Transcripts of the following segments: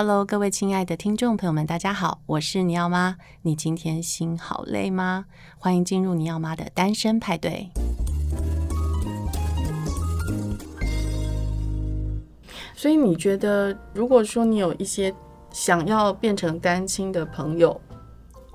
哈嘍，各位親愛的聽眾朋友們，大家好，我是尼奧媽。你今天心好累嗎？歡迎進入尼奧媽的單身派對。所以，你覺得，如果說你有一些想要變成單親的朋友，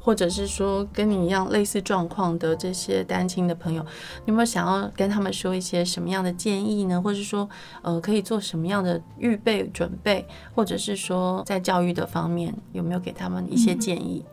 或者是說跟你一樣類似狀況的這些單親的朋友，你有沒有想要跟他們說一些什麼樣的建議呢？或者是說，呃，可以做什麼樣的預備準備，或者是說在教育的方面有沒有給他們一些建議？嗯，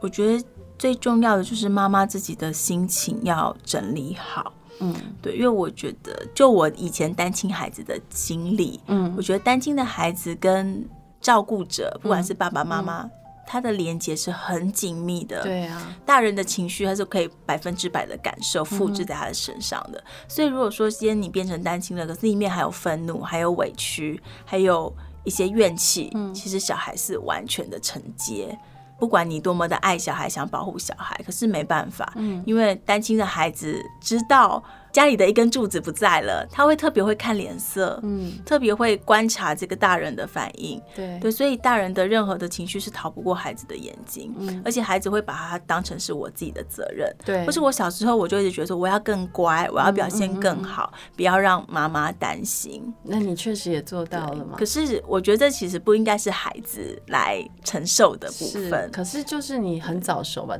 我覺得最重要的就是媽媽自己的心情要整理好。嗯，對，因為我覺得就我以前單親孩子的經歷，嗯，我覺得單親的孩子跟照顧者，不管是爸爸媽媽，嗯嗯他的連接是很緊密的，對啊，大人的情緒他是可以百分之百的感受、複製在他的身上的。所以如果說今天你變成單親了，可是裡面還有憤怒，還有委屈，還有一些怨氣，其實小孩是完全的承接。不管你多麼的愛小孩，想保護小孩，可是沒辦法，嗯，因為單親的孩子知道。家裡的一根柱子不在了，他會特別會看臉色，嗯，特別會觀察這個大人的反應，對對，所以大人的任何的情緒是逃不過孩子的眼睛，嗯，而且孩子會把它當成是我自己的責任，對，就是我小時候我就一直覺得說我要更乖，我要表現更好，嗯嗯嗯，不要讓媽媽擔心。那你確實也做到了嗎？可是我覺得這其實不應該是孩子來承受的部分，可是就是你很早熟吧。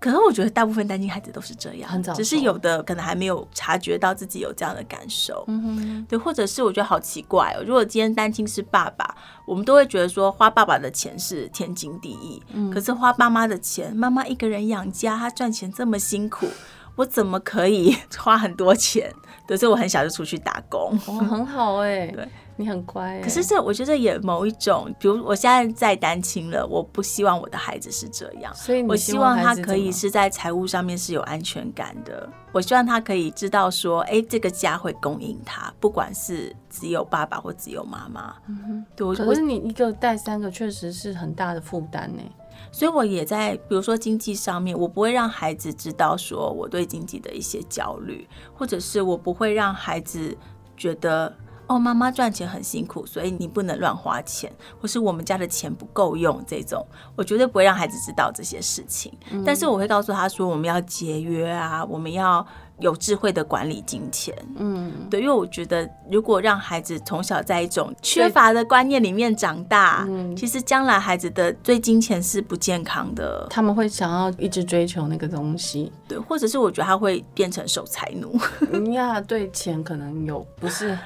可能我覺得大部分單親孩子都是這樣很早，只是有的可能還沒有察覺到自己有這樣的感受。嗯，嗯對，或者是我覺得好奇怪哦。如果今天單親是爸爸，我們都會覺得說，花爸爸的錢是天經地義。嗯、可是花媽媽的錢，媽媽一個人養家，她賺錢這麼辛苦，我怎麼可以花很多錢？對，所以我很小就出去打工。哦、很好哎、欸。對。你很乖，欸，可是這我覺得也某一種，比如我現在在單親了，我不希望我的孩子是這樣，所以你希望孩子，我希望他可以是在財務上面是有安全感的，嗯，我希望他可以知道說，哎，欸，這個家會供應他，不管是只有爸爸或只有媽媽。嗯哼，對我。可是你一個帶三個，確實是很大的負擔呢。所以我也在，比如說經濟上面，我不會讓孩子知道說我對經濟的一些焦慮，或者是我不會讓孩子覺得。哦，媽媽賺錢很辛苦，所以你不能亂花錢，或是我們家的錢不夠用這種，我絕對不會讓孩子知道這些事情。嗯、但是我會告訴他說，我們要節約啊，我們要有智慧的管理金錢。嗯，對，因為我覺得如果讓孩子從小在一種缺乏的觀念裡面長大，其實將來孩子的對金錢是不健康的。他們會想要一直追求那個東西。對，或者是我覺得他會變成守財奴，人家、啊、對錢可能有不是。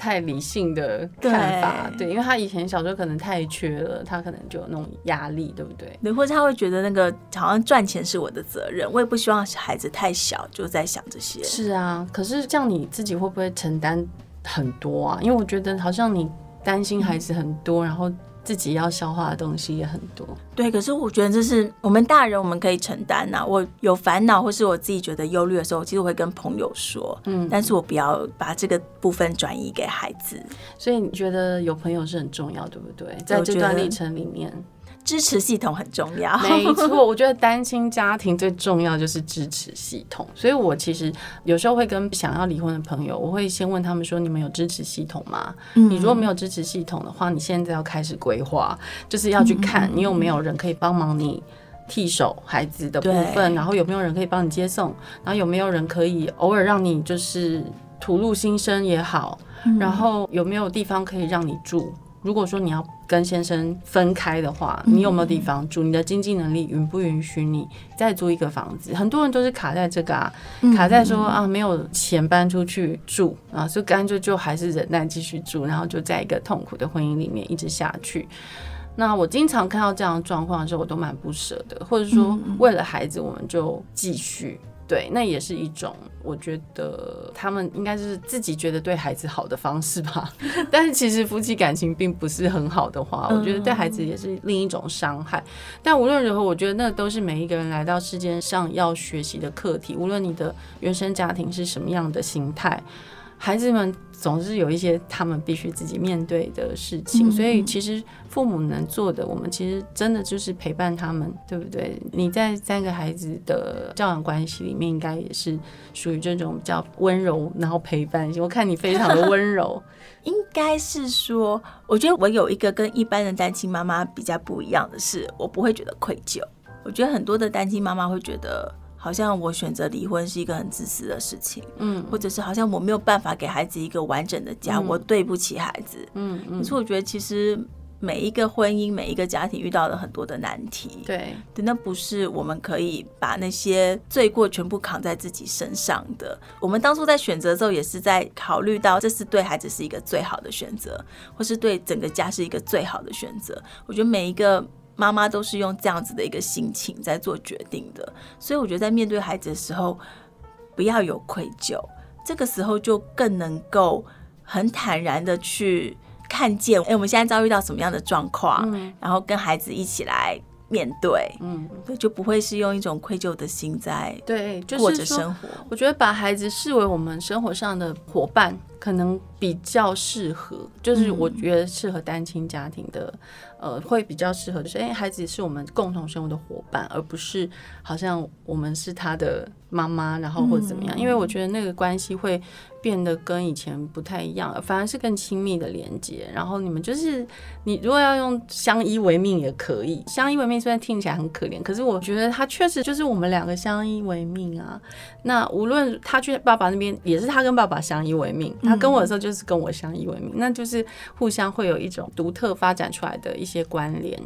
太理性的看法。對，對，因為他以前小時候可能太缺了，他可能就有那種壓力，對不對？對，或者他會覺得那個好像賺錢是我的責任，我也不希望孩子太小就在想這些。是啊，可是這樣你自己會不會承擔很多啊？因為我覺得好像你擔心孩子很多，嗯、然後。自己要消化的東西也很多，對。可是我覺得這是我們大人，我們可以承擔吶啊。我有煩惱或是我自己覺得憂慮的時候，我其實我會跟朋友說，嗯。但是我不要把這個部分轉移給孩子。所以你覺得有朋友是很重要，對不對？在這段歷程裡面。支持系統很重要沒，沒錯。我覺得單親家庭最重要就是支持系統，所以，我其實有時候會跟想要離婚的朋友，我會先問他們說：“你們有支持系統嗎、嗯？”你如果沒有支持系統的話，你現在要開始規劃，就是要去看你有沒有人可以幫忙你替手孩子的部分、嗯，然後有沒有人可以幫你接送，然後有沒有人可以偶爾讓你就是吐露心聲也好，然後有沒有地方可以讓你住。如果說你要跟先生分開的話，你有沒有地方住？你的經濟能力允不允許你再租一個房子？很多人都是卡在這個啊，卡在說啊沒有錢搬出去住啊，所以剛剛就乾脆就還是忍耐繼續住，然後就在一個痛苦的婚姻裡面一直下去。那我經常看到這樣的狀況的時候，我都蠻不舍得，或者說為了孩子，我們就繼續。對，那也是一種，我覺得他們應該是自己覺得對孩子好的方式吧。但是其實夫妻感情並不是很好的話，我覺得對孩子也是另一種傷害。但無論如何，我覺得那都是每一個人來到世間上要學習的課題，無論你的原生家庭是什麼樣的心態。孩子們總是有一些他們必須自己面對的事情，所以其實父母能做的，我們其實真的就是陪伴他們，對不對？你在三個孩子的教養關係裡面，應該也是屬於這種比較溫柔，然後陪伴型，我看你非常的溫柔， 應該是說，我覺得我有一個跟一般的單親媽媽比較不一樣的事，我不會覺得愧疚。我覺得很多的單親媽媽會覺得。好像我選擇離婚是一個很自私的事情，嗯，或者是好像我沒有辦法給孩子一個完整的家，嗯，我對不起孩子，嗯，嗯，可是我覺得其實每一個婚姻，每一個家庭遇到了很多的難題，對，對，那不是我們可以把那些罪過全部扛在自己身上的。我們當初在選擇的時候也是在考慮到這是對孩子是一個最好的選擇，或是對整個家是一個最好的選擇。我覺得每一個媽媽都是用這樣子的一個心情在做決定的，所以我覺得在面對孩子的時候，不要有愧疚，這個時候就更能夠很坦然的去看見，哎、欸，我們現在遭遇到什麼樣的狀況、嗯，然後跟孩子一起來面對，嗯，對，就不會是用一種愧疚的心在對過着生活。對、就是，我覺得把孩子視為我們生活上的夥伴。可能比較適合，就是我覺得適合單親家庭的、嗯，呃，會比較適合就是，哎、欸，孩子是我們共同生活的夥伴，而不是好像我們是他的媽媽，然後或者怎麼樣，嗯、因為我覺得那個關係會變得跟以前不太一樣，反而是更親密的連接。然後你們就是，你如果要用相依為命也可以，相依為命雖然聽起來很可憐，可是我覺得他確實就是我們兩個相依為命啊。那無論他去爸爸那邊，也是他跟爸爸相依為命。他跟我的時候就是跟我相依為命，那就是互相會有一種獨特發展出來的一些關聯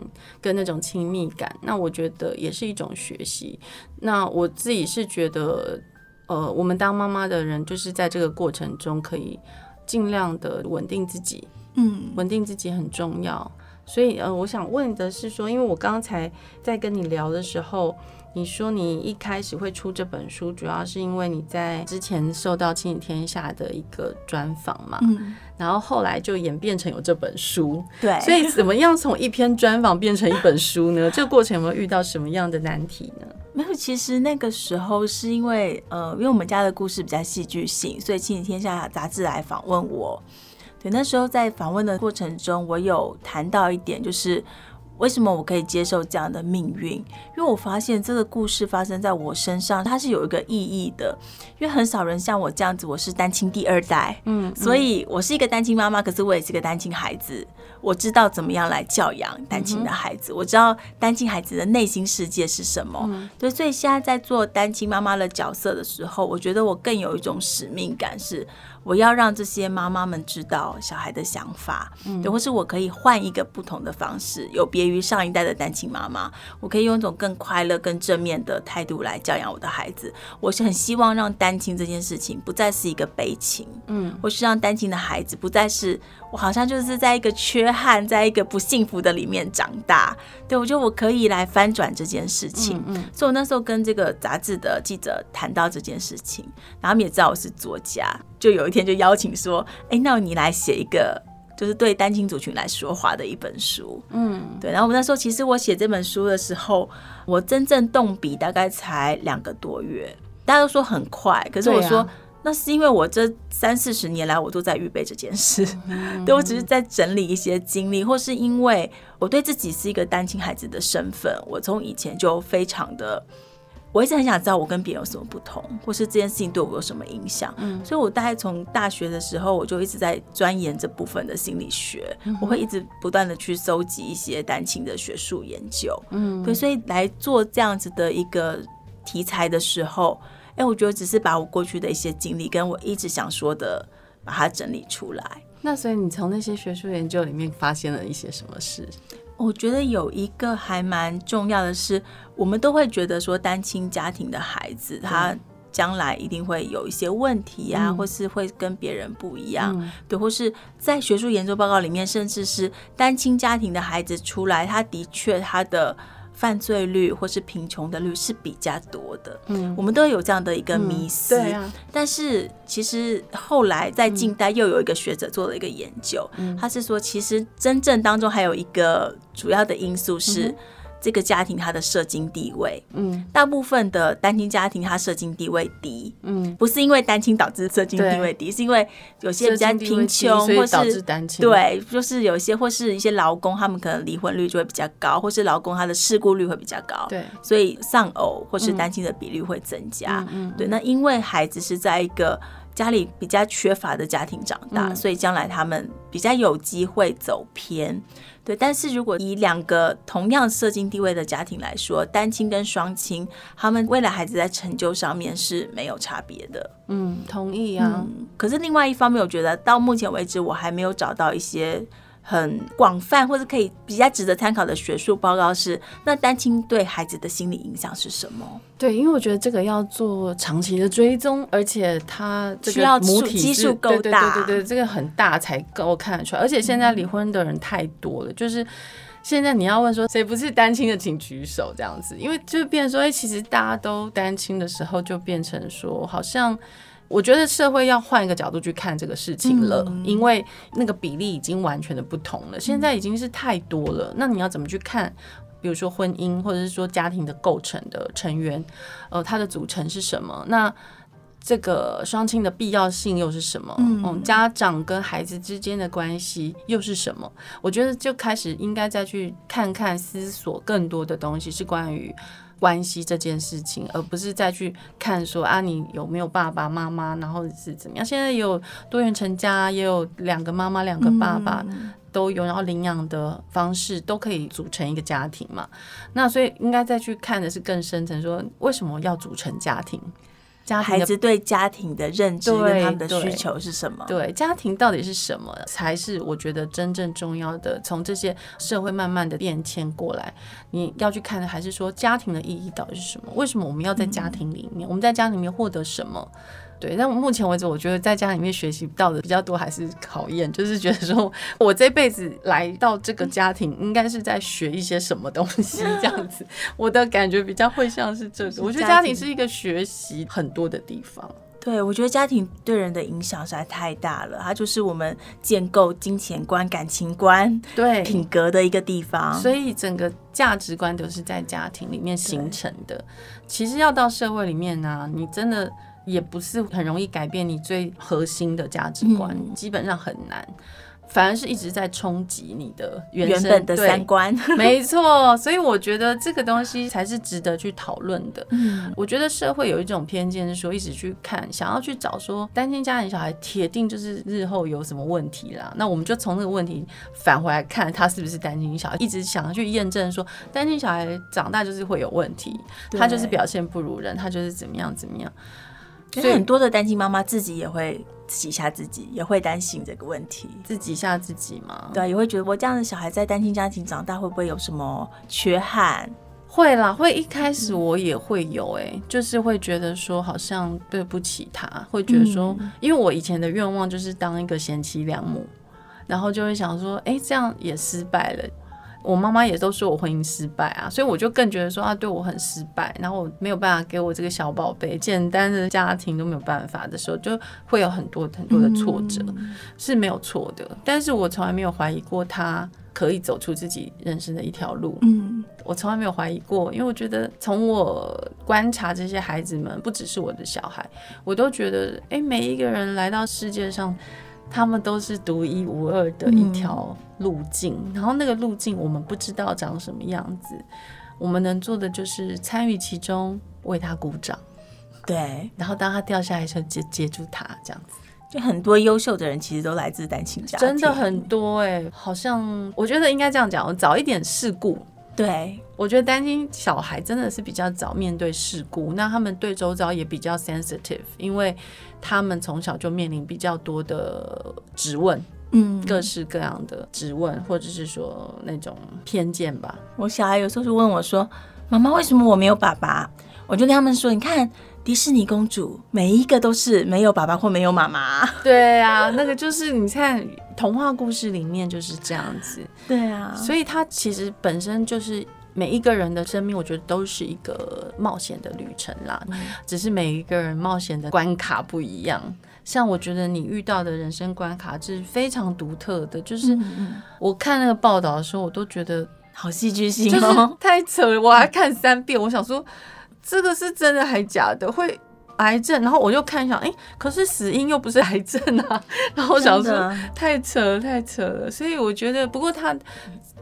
跟那種親密感。那我覺得也是一種學習。那我自己是覺得，呃，我們當媽媽的人就是在這個過程中可以盡量的穩定自己。嗯，穩定自己很重要。所以，呃，我想問的是說，因為我剛才在跟你聊的時候。你說你一開始會出這本書，主要是因為你在之前受到《親子天下》的一個專訪嘛，嗯，然後後來就演變成有這本書，對，所以怎麼樣從一篇專訪變成一本書呢？ 這個過程有沒有遇到什麼樣的難題呢？沒有，其實那個時候是因為呃，因為我們家的故事比較戲劇性，所以《親子天下》雜誌來訪問我，對，那時候在訪問的過程中，我有談到一點，就是。為什麼我可以接受這樣的命運？因為我發現這個故事發生在我身上，它是有一個意義的。因為很少人像我這樣子，我是單親第二代，嗯，嗯，所以我是一個單親媽媽，可是我也是一個單親孩子。我知道怎麼樣來教養單親的孩子，嗯，我知道單親孩子的內心世界是什麼，嗯。對，所以現在在做單親媽媽的角色的時候，我覺得我更有一種使命感，是。我要讓這些媽媽們知道小孩的想法，嗯、對，或是我可以換一個不同的方式，有別於上一代的單親媽媽，我可以用一種更快樂、更正面的態度來教養我的孩子。我是很希望讓單親這件事情不再是一個悲情，嗯，或是讓單親的孩子不再是我好像就是在一個缺憾、在一個不幸福的裡面長大。對，我覺得我可以來翻轉這件事情。嗯，嗯，所以我那時候跟這個雜誌的記者談到這件事情，然後他們也知道我是作家。就有一天就邀請說，哎、欸，那你來寫一個，就是對單親族群來說話的一本書，嗯，對。然後我們那時候，其實我寫這本書的時候，我真正動筆大概才兩個多月，大家都說很快，可是我說、啊、那是因為我這三四十年來，我都在預備這件事，嗯嗯，對，我只是在整理一些經歷，或是因為我對自己是一個單親孩子的身份，我從以前就非常的。我一直很想知道我跟別人有什麼不同，或是這件事情對我有什麼影響。嗯，所以我大概從大學的時候，我就一直在鑽研這部分的心理學。嗯、我會一直不斷的去蒐集一些單親的學術研究，嗯，對，所以來做這樣子的一個題材的時候，哎、欸，我覺得只是把我過去的一些經歷跟我一直想說的，把它整理出來。那所以你從那些學術研究裡面發現了一些什麼事？我覺得有一個還蠻重要的是，我們都會覺得說單親家庭的孩子，他將來一定會有一些問題啊，或是會跟別人不一樣，對，或是在學術研究報告裡面，甚至是單親家庭的孩子出來，他的確他的，犯罪率或是貧窮的率是比較多的，嗯，我們都有這樣的一個迷思、嗯、對啊，但是其實後來在近代又有一個學者做了一個研究，嗯、他是說其實真正當中還有一個主要的因素是。這個家庭他的社經地位，嗯，大部分的單親家庭他社經地位低，嗯，不是因為單親導致社經地位低，是因為有些比較貧窮，或是單親對，就是有些或是一些勞工，他們可能離婚率就會比較高，或是勞工他的事故率會比較高，對，所以喪偶或是單親的比例會增加，嗯，對，那因為孩子是在一個家裡比較缺乏的家庭長大，嗯，所以將來他們比較有機會走偏。對，但是如果以兩個同樣社經地位的家庭來說，單親跟雙親，他們未來孩子在成就上面是沒有差別的。嗯，同意啊。嗯，可是另外一方面，我覺得到目前為止，我還沒有找到一些。很廣泛或者可以比較值得參考的學術報告是，那單親對孩子的心理影響是什麼？對，因為我覺得這個要做長期的追蹤，而且它需要母體基數夠大，對，對對對，這個很大才夠看得出來。而且現在離婚的人太多了，嗯，就是現在你要問說誰不是單親的，請舉手這樣子，因為就變成說，哎，欸，其實大家都單親的時候，就變成說好像，我覺得社會要換一個角度去看這個事情了，嗯、因為那個比例已經完全的不同了、嗯。現在已經是太多了，那你要怎麼去看？比如說婚姻，或者是說家庭的構成的成員，呃，它的組成是什麼？那這個雙親的必要性又是什麼？嗯，嗯，家長跟孩子之間的關係又是什麼？我覺得就開始應該再去看看、思索更多的東西，是關於。關係這件事情，而不是再去看說啊，你有沒有爸爸媽媽，然後是怎麼樣？現在也有多元成家，也有兩個媽媽、兩個爸爸都有，然後領養的方式都可以組成一個家庭嘛。那所以應該再去看的是更深層，說為什麼要組成家庭？孩子對家庭的認知跟他們的需求是什麼？對，對,對家庭到底是什麼，才是我覺得真正重要的。從這些社會慢慢的變遷過來，你要去看的還是說家庭的意義到底是什麼？為什麼我們要在家庭裡面、嗯？我們在家裡面獲得什麼？對，但我目前為止，我覺得在家裡面學習到的比較多還是考驗，就是覺得說我這輩子來到這個家庭，應該是在學一些什麼東西這樣子。嗯、我的感覺比較會像是這種、個就是，我覺得家庭是一個學習很多的地方。對，我覺得家庭對人的影響實在太大了，它就是我們建構金錢觀、感情觀、對品格的一個地方。所以整個價值觀都是在家庭裡面形成的。其實要到社會裡面呢、啊，你真的。也不是很容易改變你最核心的價值觀，嗯，基本上很難，反而是一直在衝擊你的原生，原本的三觀。 沒錯，所以我覺得這個東西才是值得去討論的。嗯，我覺得社會有一種偏見，是說一直去看，想要去找說單親家庭小孩鐵定就是日後有什麼問題啦。那我們就從這個問題返回來看，他是不是單親小孩？一直想要去驗證說單親小孩長大就是會有問題，他就是表現不如人，他就是怎麼樣怎麼樣。其實很多的單親媽媽自己也會自己嚇自己，也會擔心這個問題，自己嚇自己嘛？對，也會覺得我這樣的小孩在單親家庭長大會不會有什麼缺憾？會啦，會一開始我也會有、欸，哎、嗯，就是會覺得說好像對不起他，會覺得說，嗯、因為我以前的願望就是當一個賢妻良母，然後就會想說，哎、欸，這樣也失敗了。我媽媽也都說我婚姻失敗啊，所以我就更覺得說她對我很失敗，然後我沒有辦法給我這個小寶貝簡單的家庭都沒有辦法的時候，就會有很多很多的挫折，嗯、是沒有錯的。但是我從來沒有懷疑過她可以走出自己人生的一條路。嗯，我從來沒有懷疑過，因為我覺得從我觀察這些孩子們，不只是我的小孩，我都覺得哎、欸，每一個人來到世界上。他們都是獨一無二的一條路徑，嗯，然後那個路徑我們不知道長什麼樣子，我們能做的就是參與其中，為他鼓掌，對。然後當他掉下來時接接住他，這樣子。就很多優秀的人其實都來自單親家庭，真的很多哎，欸，好像我覺得應該這樣講，我早一點事故，對。我覺得單親小孩真的是比較早面對事故，那他們對周遭也比較 sensitive，因為他們從小就面臨比較多的質問，嗯，各式各樣的質問，或者是說那種偏見吧。我小孩有時候就問我說：“媽媽，為什麼我沒有爸爸？”我就跟他們說：“你看，迪士尼公主每一個都是沒有爸爸或沒有媽媽。”對啊，那個就是你看童話故事裡面就是這樣子。對啊，所以他其實本身就是。每一個人的生命，我覺得都是一個冒險的旅程啦，嗯。只是每一個人冒險的關卡不一樣。像我覺得你遇到的人生關卡是非常獨特的，就是我看那個報道的時候，我都覺得好戲劇性，嗯，就是，太扯了。我還看三遍，我想說這個是真的還假的？會癌症？然後我就看一下，哎，欸，可是死因又不是癌症啊。然後我想說太扯了，太扯了。所以我覺得，不過他。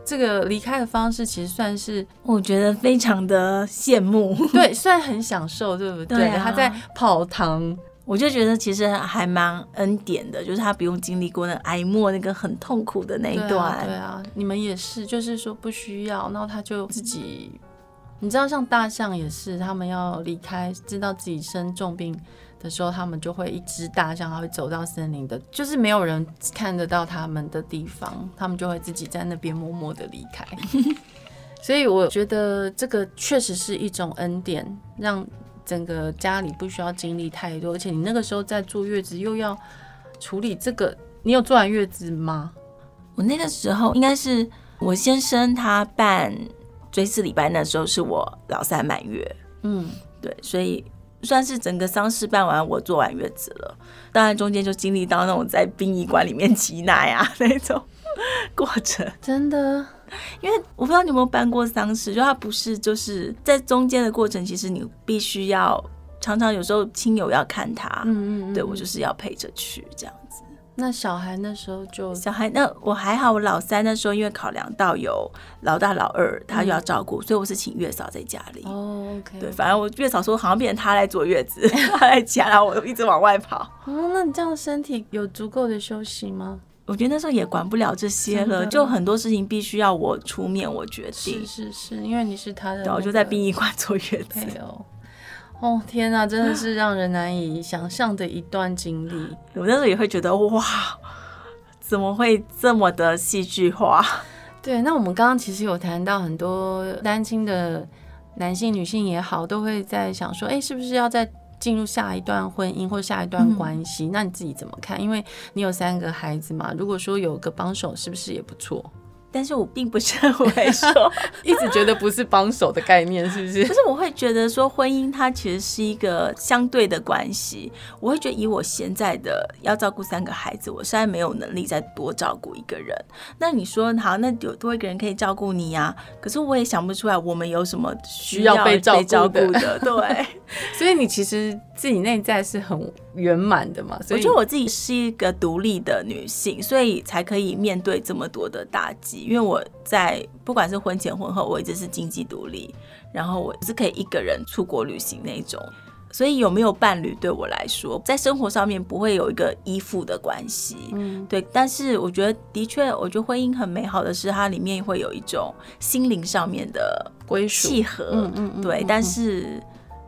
這個離開的方式其實算是，我覺得非常的羨慕。對，雖然很享受，對不對？對啊，他在跑堂，我就覺得其實還蠻恩典的，就是他不用經歷過那挨磨那個很痛苦的那一段，對啊。對啊，你們也是，就是說不需要，然後他就自己，你知道，像大象也是，他們要離開，知道自己生重病。的時候，他們就會一隻大象還會走到森林的，就是沒有人看得到他們的地方，他們就會自己在那邊默默的離開。 所以我覺得這個確實是一種恩典，讓整個家裡不需要經歷太多。而且你那個時候在坐月子，又要處理這個，你有做完月子嗎？我那個時候應該是我先生他辦追思禮拜那時候，是我老三滿月。嗯，對，所以。算是整個喪事辦完，我坐完月子了。當然中間就經歷到那種在殯儀館裡面擠奶啊，那種過程，真的。因為我不知道你有沒有辦過喪事，就他不是就是在中間的過程，其實你必須要常常有時候親友要看他，嗯，嗯嗯，對，我就是要陪着去這樣。那小孩那時候就小孩那，那我還好，我老三那時候因為考量到有老大老二，他就要照顧、嗯，所以我是請月嫂在家裡。哦、oh, okay. 對，反正我月嫂說好像變成他來坐月子， 他來家，然後我一直往外跑。 嗯、那你這樣身體有足夠的休息嗎？我覺得那時候也管不了這些了，就很多事情必須要我出面，我決定。是，是是，因為你是他的、那個，然後就在殯儀館坐月子。哦，天哪，啊，真的是讓人難以想象的一段經歷。我那時候也會覺得，哇，怎麼會這麼的戲劇化？對，那我們剛剛其實有談到很多單親的男性、女性也好，都會在想說，哎、欸，是不是要再進入下一段婚姻或下一段關係、嗯？那你自己怎麼看？因為你有三個孩子嘛，如果說有個幫手，是不是也不錯？但是我並不是會說， 一直覺得不是幫手的概念，是不是？可 是我會覺得說，婚姻它其實是一個相對的關係。我會覺得以我現在的要照顧三個孩子，我現在沒有能力再多照顧一個人。那你說好，那有多一個人可以照顧你啊？可是我也想不出來，我們有什麼需要被照顧的？對， 所以你其實自己內在是很圓滿的嘛，所以。我覺得我自己是一個獨立的女性，所以才可以面對這麼多的打擊。因為我在不管是婚前婚後，我一直是經濟獨立，然後我是可以一個人出國旅行那種，所以有沒有伴侶對我來說，在生活上面不會有一個依附的關係，嗯，對。但是我覺得的確，我覺得婚姻很美好的是，它裡面會有一種心靈上面的歸屬契合，嗯，嗯，嗯，嗯，嗯。對，但是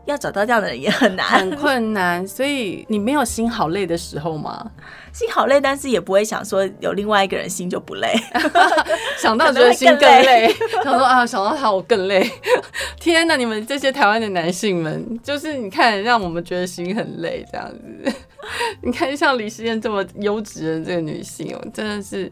要找到這樣的人也很難，很困難。所以你沒有心好累的時候嗎？心好累，但是也不會想說有另外一個人心就不累。 想到覺得心更累，更累想說啊，想到他我更累。天哪，你們這些台灣的男性們，就是你看，讓我們覺得心很累這樣子。 你看像黎詩彥這麼優質的這個女性，我真的是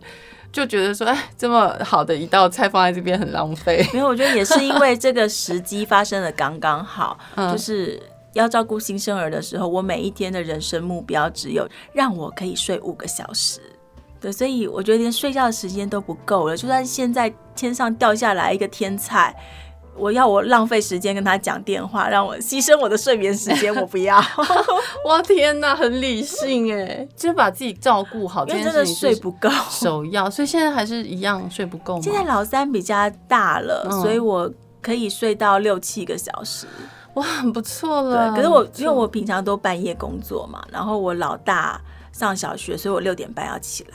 就覺得說，哎，這麼好的一道菜放在這邊很浪費。沒有，我覺得也是因為這個時機發生了剛剛好、 嗯，就是。要照顧新生兒的時候，我每一天的人生目標只有讓我可以睡五個小時。對，所以我覺得連睡覺的時間都不夠了。就算現在天上掉下來一個天菜，我要我浪費時間跟他講電話，讓我犧牲我的睡眠時間，我不要。我 天哪，很理性哎， 就是把自己照顧好，因為真的睡不夠，首要。所以現在還是一樣睡不夠。現在老三比較大了、嗯，所以我可以睡到六七個小時。哇，很不錯了。對，可是我因為我平常都半夜工作嘛，然後我老大上小學，所以我六點半要起來，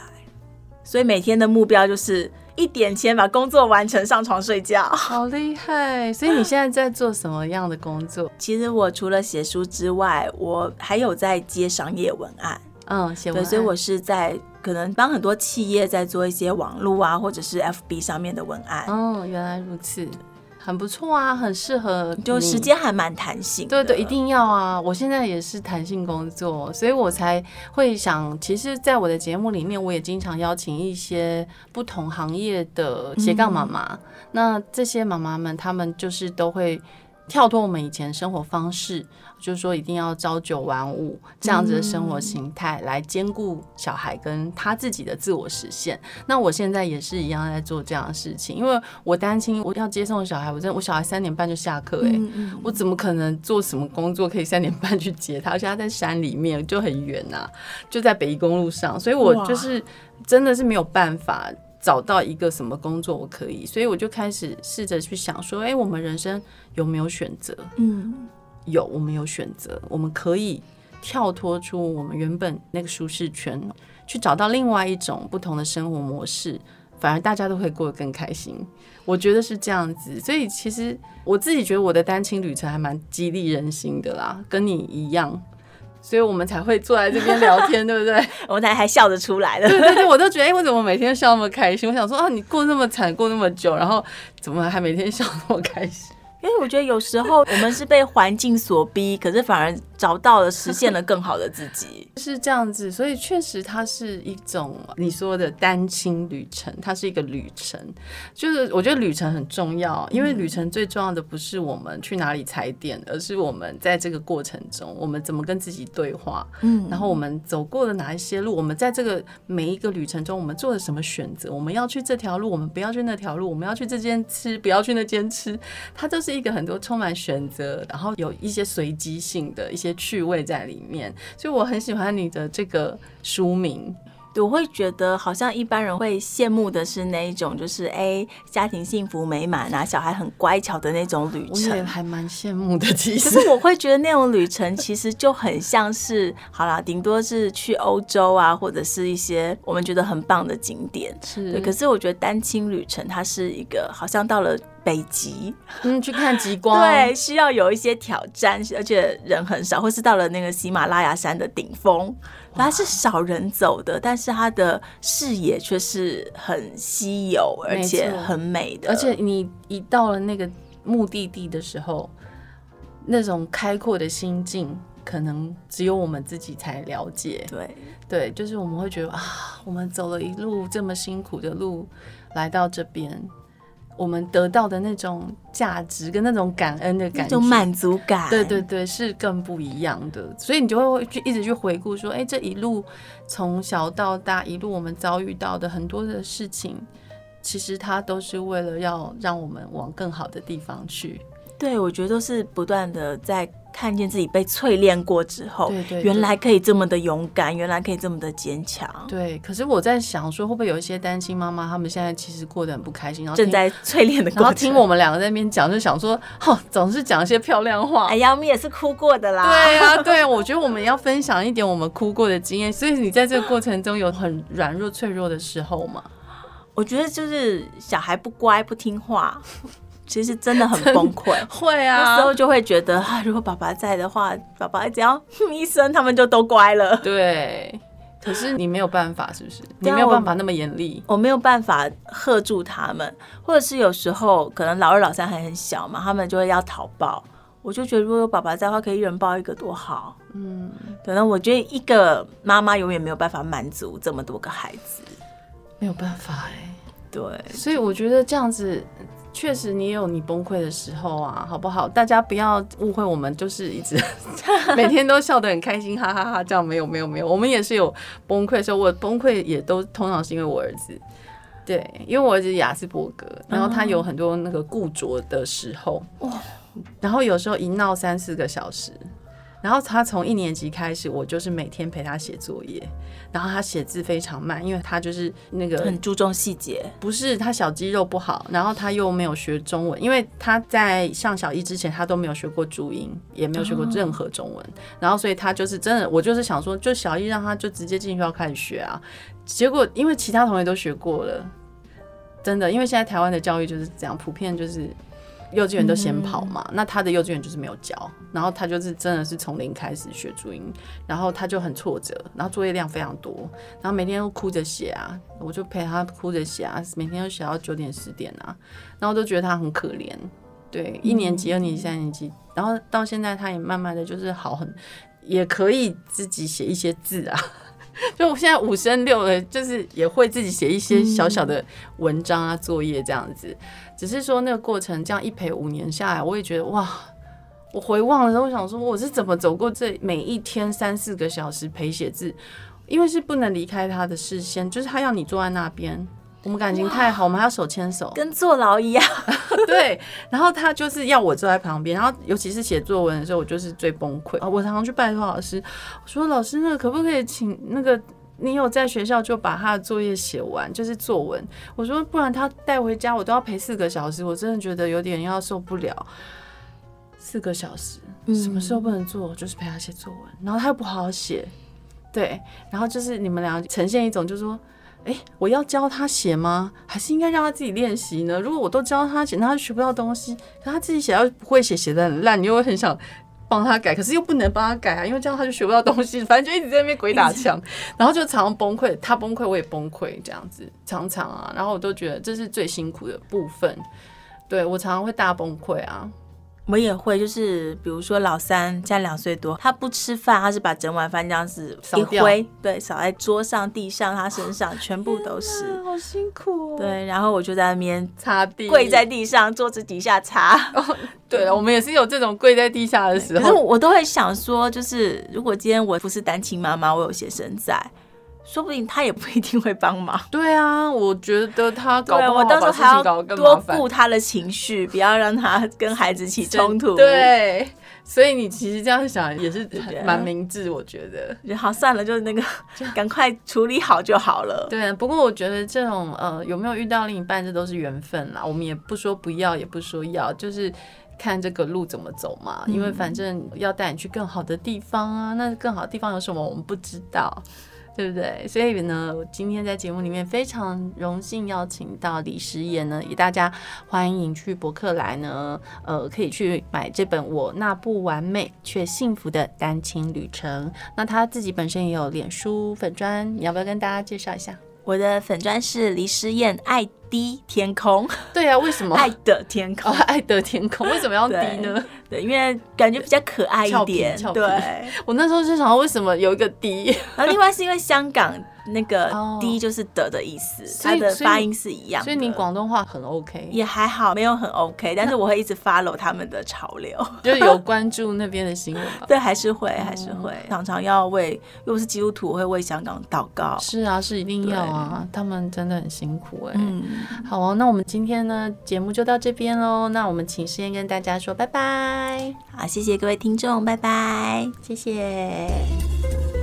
所以每天的目標就是一點前把工作完成，上床睡覺。好厲害！所以你現在在做什麼樣的工作？ 其實我除了寫書之外，我還有在接商業文案。嗯，寫文案。對，所以我是在可能幫很多企業在做一些網絡啊，或者是 FB 上面的文案。哦，原來如此。很不錯啊，很適合，就時間還蠻彈性。對，對對，一定要啊！我現在也是彈性工作，所以我才會想，其實，在我的節目裡面，我也經常邀請一些不同行業的斜槓媽媽。那這些媽媽們，她們就是都會。跳脫我們以前生活方式，就是說一定要朝九晚五這樣子的生活形態，來兼顧小孩跟他自己的自我實現。那我現在也是一樣在做這樣的事情，因為我擔心我要接送小孩，我真的我小孩三點半就下課，誒，我怎麼可能做什麼工作可以三點半去接他？而且他在山裡面就很遠吶，就在北宜公路上，所以我就是真的是沒有辦法。找到一個什麼工作我可以，所以我就開始試着去想說，哎、欸，我們人生有沒有選擇？嗯，有，我們有選擇，我們可以跳脫出我們原本那個舒適圈，去找到另外一種不同的生活模式，反而大家都會過得更開心。我覺得是這樣子，所以其實我自己覺得我的單親旅程還蠻激勵人心的啦，跟你一樣。所以我們才會坐在這邊聊天， 對不對？我們才還笑得出來的 對，對，對，我都覺得，哎、欸，我怎麼每天笑那麼開心？我想說，啊，你過那麼慘，過那麼久，然後怎麼還每天笑那麼開心？因為我覺得有時候我們是被環境所逼， 可是反而找到了實現了更好的自己， 是這樣子。所以確實它是一種你說的單親旅程，它是一個旅程。就是我覺得旅程很重要，因為旅程最重要的不是我們去哪裡踩點，而是我們在這個過程中，我們怎麼跟自己對話。嗯，然後我們走過了哪一些路，我們在這個每一個旅程中，我們做了什麼選擇？我們要去這條路，我們不要去那條路；我們要去這間吃，不要去那間吃。它就是。是一個很多充滿選擇，然後有一些隨機性的一些趣味在裡面，所以我很喜歡你的這個書名。對，我會覺得好像一般人會羨慕的是那一種，就是哎、欸，家庭幸福美滿啊，小孩很乖巧的那種旅程。我覺得還蠻羨慕的，其實。可是我會覺得那種旅程其實就很像是，好了，頂多是去歐洲啊，或者是一些我們覺得很棒的景點。是。對，可是我覺得單親旅程，它是一個好像到了。北極，嗯，去看極光， 對，需要有一些挑戰，而且人很少，或是到了那個喜馬拉雅山的頂峰，它是少人走的，但是它的視野卻是很稀有，而且很美的。而且你一到了那個目的地的時候，那種開闊的心境，可能只有我們自己才了解。對，對，就是我們會覺得啊，我們走了一路這麼辛苦的路，來到這邊。我們得到的那種價值跟那種感恩的感覺，滿足感，對對對，是更不一樣的。所以你就會去一直去回顧說，誒，這一路從小到大，一路我們遭遇到的很多的事情，其實它都是為了要讓我們往更好的地方去。對，我覺得都是不斷的在。看見自己被淬煉過之後，對對對對，原來可以這麼的勇敢，原來可以這麼的堅強。對，可是我在想說，會不會有一些單親媽媽，她們現在其實過得很不開心，然後正在淬煉的過程。然後聽我們兩個在那邊講，就想說，好、哦，總是講一些漂亮話。哎呀，我們也是哭過的啦。對啊，對，我覺得我們要分享一點我們哭過的經驗。 所以你在這個過程中有很軟弱、脆弱的時候嗎？我覺得就是小孩不乖、不聽話。其實真的很崩潰，會啊，那時候就會覺得，啊，如果爸爸在的話，爸爸只要哼一聲，他們就都乖了。對，可是你沒有辦法，是不是？你沒有辦法那麼嚴厲，我沒有辦法喝住他們，或者是有時候可能老二老三還很小嘛，他們就會要討抱。我就覺得如果有爸爸在的話，可以一人抱一個多好。嗯，可能我覺得一個媽媽永遠沒有辦法滿足這麼多個孩子，沒有辦法哎、欸。對，所以我覺得這樣子。確實，你也有你崩潰的時候啊，好不好？大家不要誤會，我們就是一直 每天都笑得很開心，哈哈哈哈！這樣沒有沒有沒有，我們也是有崩潰，所以我崩潰也都通常是因為我兒子，對，因為我兒子亞斯伯格，然後他有很多那個固着的時候，Uh-huh. 然後有時候一鬧三四個小時。然後他從一年級開始，我就是每天陪他寫作業。然後他寫字非常慢，因為他就是那個很注重細節。不是他小肌肉不好，然後他又沒有學中文，因為他在上小一之前他都沒有學過注音，也沒有學過任何中文，哦。然後所以他就是真的，我就是想說，就小一讓他就直接進去要開始學啊。結果因為其他同學都學過了，真的，因為現在台灣的教育就是這樣，普遍就是。幼稚園都先跑嘛，嗯，那他的幼稚園就是沒有教，然後他就是真的是從零開始學注音，然後他就很挫折，然後作業量非常多，然後每天都哭着寫啊，我就陪他哭着寫啊，每天都寫到九點十點啊，然後都覺得他很可憐，對，一年級、二年級、三年級，然後到現在他也慢慢的就是好很，也可以自己寫一些字啊。就我現在五升六了，就是也會自己寫一些小小的文章啊、嗯、作業這樣子。只是說那個過程，這樣一陪五年下來，我也覺得哇，我回望的時候，我想說我是怎麼走過這每一天三四個小時陪寫字，因為是不能離開他的視線，就是他要你坐在那邊。我們感情太好，我們還要手牽手，跟坐牢一樣。 對，然後他就是要我坐在旁邊，然後尤其是寫作文的時候，我就是最崩潰。我常常去拜託老師，我說老師，那可不可以請那個你有在學校就把他的作業寫完，就是作文。我說不然他帶回家，我都要陪四個小時，我真的覺得有點要受不了。四個小時，嗯、什麼時候不能做，我就是陪他寫作文。然後他又不好好寫，對，然後就是你們倆呈現一種就是說。哎、欸，我要教他寫嗎？還是應該讓他自己練習呢？如果我都教他寫，那他就學不到東西。可他自己寫，要不會寫，寫得很爛，你又會很想幫他改，可是又不能幫他改啊，因為這樣他就學不到東西。反正就一直在那邊鬼打牆， 然後就常常崩潰，他崩潰我也崩潰，這樣子常常啊，然後我都覺得這是最辛苦的部分，對，我常常會大崩潰啊。我們也會，就是比如說老三現在兩歲多，他不吃飯，他是把整碗飯這樣子一揮，對，掃在桌上、地上、他身上，哦、全部都是，好辛苦。哦！對，然後我就在那邊擦地，跪在地上、桌子底下擦，哦對。對了，我們也是有這種跪在地下的時候。然後我都會想說，就是如果今天我不是單親媽媽，我有先生在。說不定他也不一定會幫忙。對啊，我覺得他搞不好把事情搞得更麻煩。對，我當時還要多顧他的情緒， 不要讓他跟孩子起衝突。對，所以你其實這樣想也是蠻明智，我覺得。好，算了，就是那個，趕快處理好就好了。對啊，不過我覺得這種，呃，有沒有遇到另一半，這都是緣分啦。我們也不說不要，也不說要，就是看這個路怎麼走嘛。嗯、因為反正要帶你去更好的地方啊，那更好的地方有什麼，我們不知道。對不對？所以呢，我今天在節目裡面非常榮幸邀請到黎詩彥呢，與大家歡迎去博客來呢，呃，可以去買這本我那不完美卻幸福的單親旅程。那她自己本身也有臉書粉專，你要不要跟大家介紹一下？我的粉專是黎詩彥，愛滴天空。對啊，為什麼愛的天空？Oh, 愛的天空，為什麼要滴呢對？對，因為感覺比較可愛一點。對，對我那時候就想為什麼有一個滴。然後另外是因為香港。 那個 “d”、oh, 就是“得”的意思，它的發音是一樣的。所以你廣東話很 OK，也還好，沒有很 OK。但是我會一直 follow 他們的潮流， 就有關注那邊的新聞。 對，還是會還是會、嗯、常常要為，如果是基督徒我會為香港禱告。是啊，是一定要啊，他們真的很辛苦哎、欸。嗯，好哦、啊。那我們今天呢節目就到這邊嘍。那我們請先跟大家說拜拜。好，謝謝各位聽眾，拜拜，謝謝。